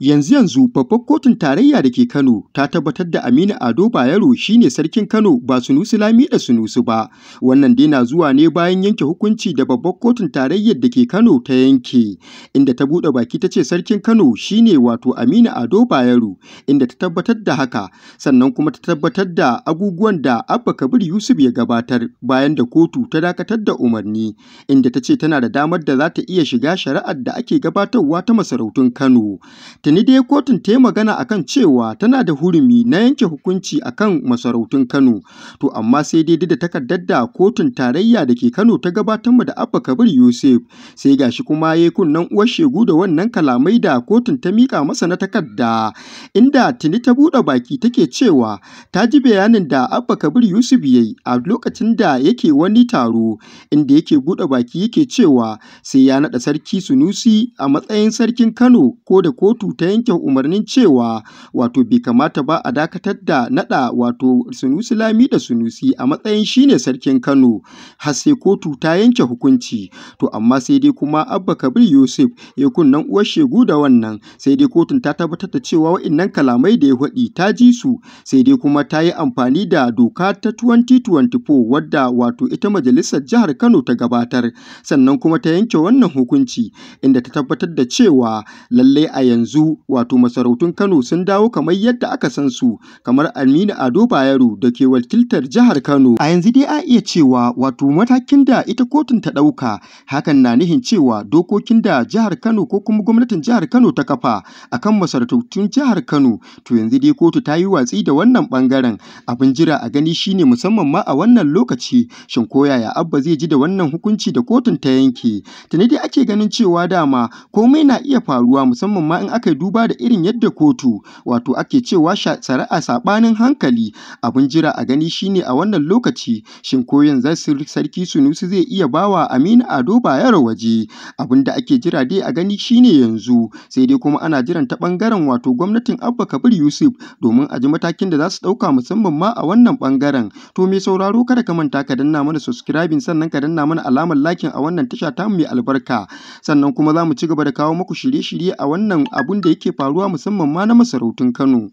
Yanzu-yanzu babbar kotun tarayya da ke Kano ta tabbatar da Aminu Ado Bayero shine sarkin Kano ba Sunusi Lami da Sunusi ba. Wannan dai na zuwa ne bayan yanke hukunci da babbar kotun tarayyar da ke Kano ta yanke, inda ta buɗe baki ta ce sarkin Kano shine wato Aminu Ado Bayero, inda ta tabbatar da haka, sannan kuma ta tabbatar da abubuwan da Abba Kabir Yusuf ya gabatar bayan da kotu ta dakatar da umarni, inda ta ce tana da damar da za ta iya shiga shari'ar da ake gabatarwa ta masarautun Kano. tini dai kotun ta yi magana a kan cewa tana da hurumi na yanke hukunci a kan masarautun Kano, to amma sai dai da takardar da kotun tarayya da ke Kano ta gabatar mu da Abba Kabir Yusuf, sai gashi kuma ya yi kunnen uwar shegu da wannan kalamai da kotun ta miƙa masa na takarda, inda tuni ta buɗe baki take cewa ta ji bayanin da Abba Kabir Yusuf ya yi a lokacin da yake wani taro, inda yake buɗe baki yake cewa sai ya naɗa sarki Sunusi a matsayin sarkin Kano ko da kotu ta yanke umarnin cewa wato bai kamata ba a dakatar da naɗa wato Sunusi Lami da Sunusi a matsayin shine sarkin Kano har sai kotu ta yanke hukunci to amma sai dai kuma Abba Kabir Yusuf ya eh, kunnan uwar shegu da wannan sai dai kotun ta tabbatar da cewa wa'innan kalamai da ya faɗi ta ji su sai dai kuma ta yi amfani da doka ta 2024 wadda wato ita majalisar jihar Kano ta gabatar sannan kuma ta yanke wannan hukunci inda ta tabbatar da cewa lallai a yanzu wato masarautun Kano sun dawo kamar yadda aka san su kamar Aminu Ado Bayero da ke wakiltar jihar Kano. A yanzu dai a iya cewa wato matakin da ita kotun ta ɗauka hakan na nihin cewa dokokin da jihar Kano ko kuma gwamnatin jihar Kano ta kafa akan masarautun jihar Kano to yanzu dai kotu ta yi watsi da wannan bangaren abin jira a gani shine musamman ma a wannan lokaci shin koya ya Abba zai ji da wannan hukunci da kotun ta yanke tuni dai ake ganin cewa dama komai na iya faruwa musamman ma in aka yi duba da irin yadda kotu wato ake cewa shari'a saɓanin hankali abin jira a gani shine a wannan lokaci shin ko yanzu sarki Sunusi zai iya bawa Aminu Ado Bayero waje abin da ake jira dai a gani shine yanzu sai dai kuma ana jiran ta ɓangaren wato gwamnatin Abba Kabir Yusuf domin a ji matakin da za su ɗauka musamman ma a wannan bangaren to me sauraro kada ka manta ka danna mana subscribing sannan ka danna mana alamar lakin a wannan tasha ta mai albarka sannan kuma za mu ci gaba da kawo muku shirye-shirye a wannan abun da yake faruwa musamman ma na masarautun Kano.